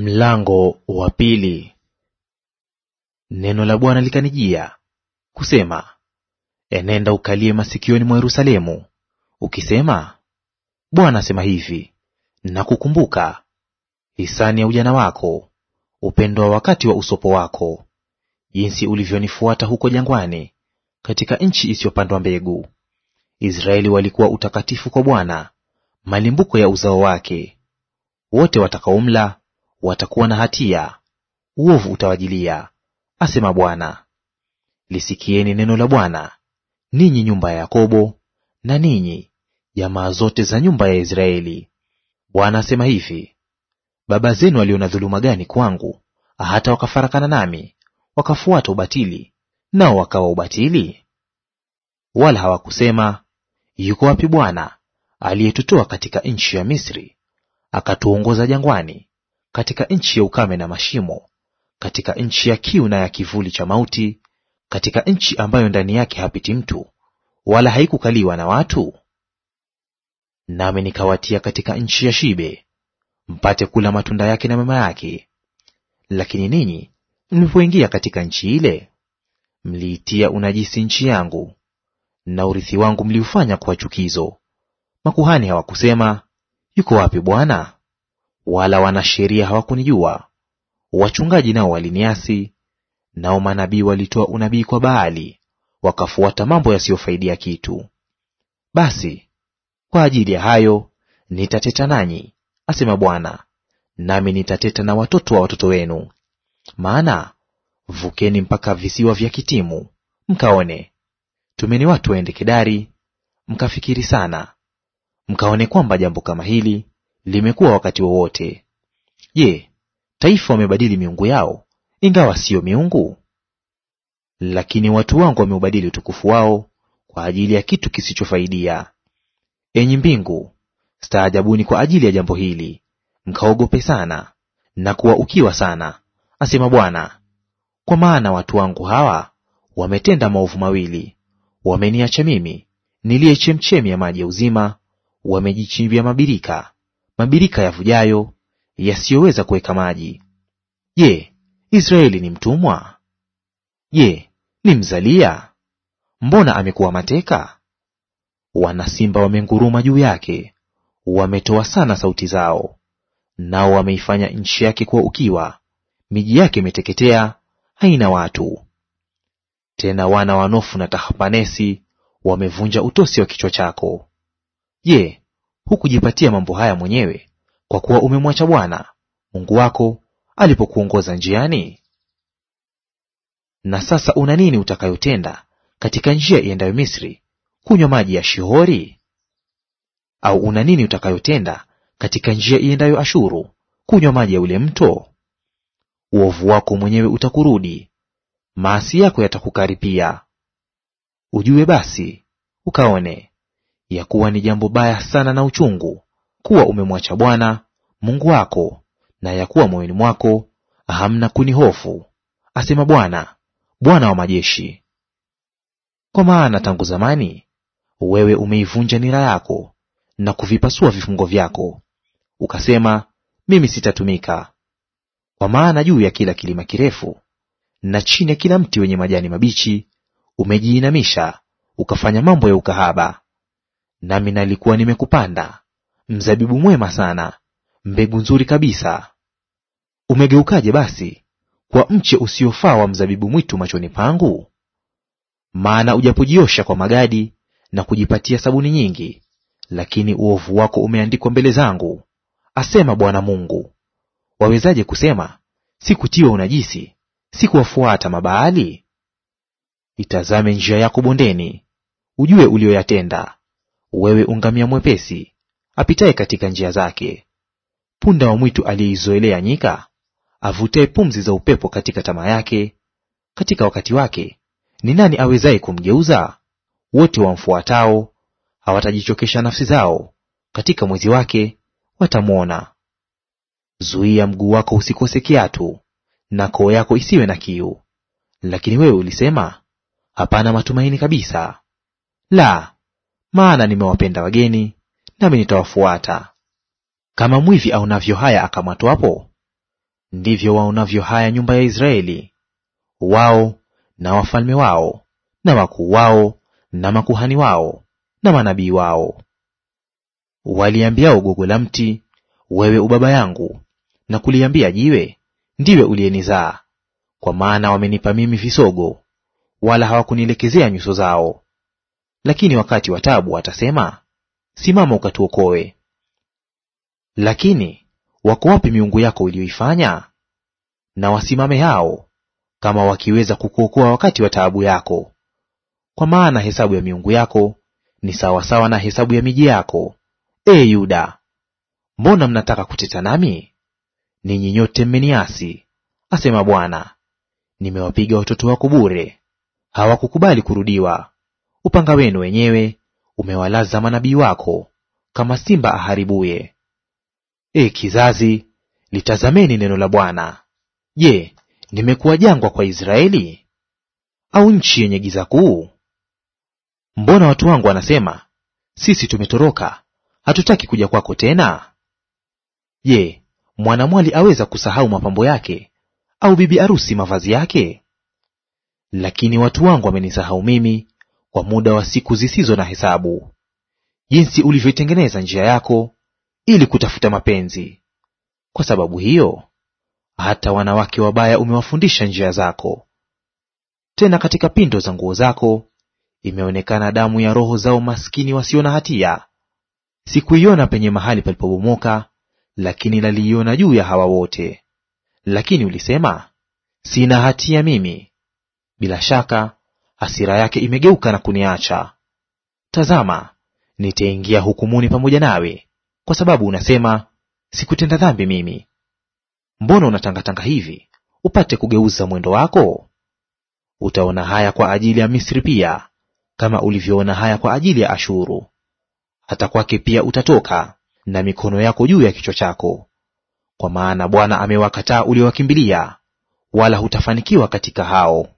Mlango wa pili. Neno la Bwana likanijia kusema, enenda ukalie masikioni mwa Yerusalemu, ukisema, Bwana asema hivi, nakukumbuka hisani ya ujana wako, upendo wa wakati wa usopo wako, jinsi ulivyonifuata huko jangwani, katika nchi isiyopandwa mbegu. Israeli walikuwa utakatifu kwa Bwana, malimbuko ya uzao wake. Wote watakaomla watakuwa na hatia, uovu utawajilia, asema Bwana. Lisikieni neno la Bwana, ninyi nyumba ya Yakobo, na ninyi jamaa zote za nyumba ya Israeli. Bwana asema hivi: baba zenu waliona dhuluma gani kwangu, hata wakafarakana nami, wakafuata ubatili, nao wakawa ubatili? Wala hawakusema yuko wapi Bwana aliyetutoa katika nchi ya Misri, akatuongoza jangwani, katika nchi ya ukame na mashimo, katika nchi ya kiu na ya kivuli cha mauti, katika nchi ambayo ndani yake hapiti mtu, wala haikukaliwa na watu? Nami nikawatia katika nchi ya shibe, mpate kula matunda yake na mema yake. Lakini ninyi mlipoingia katika nchi ile, mliitia unajisi nchi yangu, na urithi wangu mliufanya kuwa chukizo. Makuhani hawakusema, yuko wapi Bwana? wala wanasheria hawakunijua, wachungaji nao waliniasi, nao manabii walitoa unabii kwa Baali, wakafuata mambo yasiyofaidia kitu. Basi kwa ajili ya hayo nitateta nanyi, asema Bwana, nami nitateta na watoto wa watoto wenu. Maana vukeni mpaka visiwa vya Kitimu mkaone. Tumeni watu waende Kedari, mkafikiri sana, mkaone kwamba jambo kama hili limekuwa wakati wowote. Je, taifa wamebadili miungu yao, ingawa siyo miungu? Lakini watu wangu wameubadili utukufu wao kwa ajili ya kitu kisichofaidia. Enyi mbingu, staajabuni kwa ajili ya jambo hili, mkaogope sana na kuwa ukiwa sana, asema Bwana. Kwa maana watu wangu hawa wametenda maovu mawili, wameniacha mimi niliye chemchemi ya maji ya uzima, wamejichimbia mabirika mabirika yavujayo yasiyoweza kuweka maji. Je, Israeli ni mtumwa? Je, ni mzalia? Mbona amekuwa mateka? Wana simba wamenguruma juu yake, wametoa sana sauti zao, nao wameifanya nchi yake kuwa ukiwa, miji yake imeteketea, haina watu tena. Wana wa Nofu na Tahpanesi wamevunja utosi wa kichwa chako. Je, hukujipatia mambo haya mwenyewe, kwa kuwa umemwacha Bwana Mungu wako alipokuongoza njiani. Na sasa una nini utakayotenda katika njia iendayo Misri, kunywa maji ya Shihori? Au una nini utakayotenda katika njia iendayo Ashuru, kunywa maji ya ule mto? Uovu wako mwenyewe utakurudi, maasi yako yatakukaripia. Ujue basi ukaone ya kuwa ni jambo baya sana na uchungu kuwa umemwacha Bwana Mungu wako, na ya kuwa moyoni mwako hamna kunihofu, asema Bwana, Bwana wa majeshi. Kwa maana tangu zamani wewe umeivunja nira yako na kuvipasua vifungo vyako, ukasema, mimi sitatumika. Kwa maana juu ya kila kilima kirefu na chini ya kila mti wenye majani mabichi umejiinamisha, ukafanya mambo ya ukahaba Nami nalikuwa nimekupanda mzabibu mwema sana, mbegu nzuri kabisa. Umegeukaje basi kwa mche usiofaa wa mzabibu mwitu machoni pangu? Maana ujapojiosha kwa magadi na kujipatia sabuni nyingi, lakini uovu wako umeandikwa mbele zangu, asema Bwana Mungu. Wawezaje kusema sikutiwa unajisi, sikuwafuata Mabaali? Itazame njia yako bondeni, ujue uliyoyatenda wewe ungamia mwepesi apitaye katika njia zake, punda wa mwitu aliyeizoelea nyika, avutaye pumzi za upepo katika tamaa yake, katika wakati wake ni nani awezaye kumgeuza? Wote wamfuatao hawatajichokesha nafsi zao, katika mwezi wake watamwona. Zuia mguu wako usikose kiatu, na koo yako isiwe na kiu. Lakini wewe ulisema, hapana matumaini kabisa. La, maana nimewapenda wageni, nami nitawafuata. Kama mwivi aonavyo haya akamatwapo, ndivyo waonavyo haya nyumba ya Israeli, wao na wafalme wao na wakuu wao na makuhani wao na manabii wao, waliambiao gogo la mti, wewe ubaba yangu, na kuliambia jiwe, ndiwe uliyenizaa. Kwa maana wamenipa mimi visogo, wala hawakunielekezea nyuso zao. Lakini wakati wa taabu atasema, simama ukatuokoe. Lakini wako wapi miungu yako uliyoifanya? Na wasimame hao, kama wakiweza kukuokoa wakati wa taabu yako. Kwa maana hesabu ya miungu yako ni sawasawa na hesabu ya miji yako, e Yuda. Mbona mnataka kuteta nami? Ninyi nyote mmeniasi, asema Bwana. Nimewapiga watoto wako bure, hawakukubali kurudiwa. Upanga wenu wenyewe umewalaza manabii wako kama simba aharibuye. E kizazi, litazameni neno la Bwana. Je, nimekuwa jangwa kwa Israeli, au nchi yenye giza kuu? Mbona watu wangu wanasema, sisi tumetoroka, hatutaki kuja kwako tena? Je, mwanamwali aweza kusahau mapambo yake, au bibi arusi mavazi yake? Lakini watu wangu wamenisahau mimi, kwa muda wa siku zisizo na hesabu. Jinsi ulivyoitengeneza njia yako ili kutafuta mapenzi! Kwa sababu hiyo hata wanawake wabaya umewafundisha njia zako. Tena katika pindo za nguo zako imeonekana damu ya roho zao maskini wasio na hatia. Sikuiona penye mahali palipobomoka, lakini naliiona juu ya hawa wote. Lakini ulisema, sina hatia mimi. Bila shaka hasira yake imegeuka na kuniacha. Tazama, nitaingia hukumuni pamoja nawe, kwa sababu unasema sikutenda dhambi mimi. Mbona unatangatanga hivi upate kugeuza mwendo wako? Utaona haya kwa ajili ya Misri pia, kama ulivyoona haya kwa ajili ya Ashuru. Hata kwake pia utatoka, na mikono yako juu ya kichwa chako, kwa maana Bwana amewakataa uliowakimbilia, wala hutafanikiwa katika hao.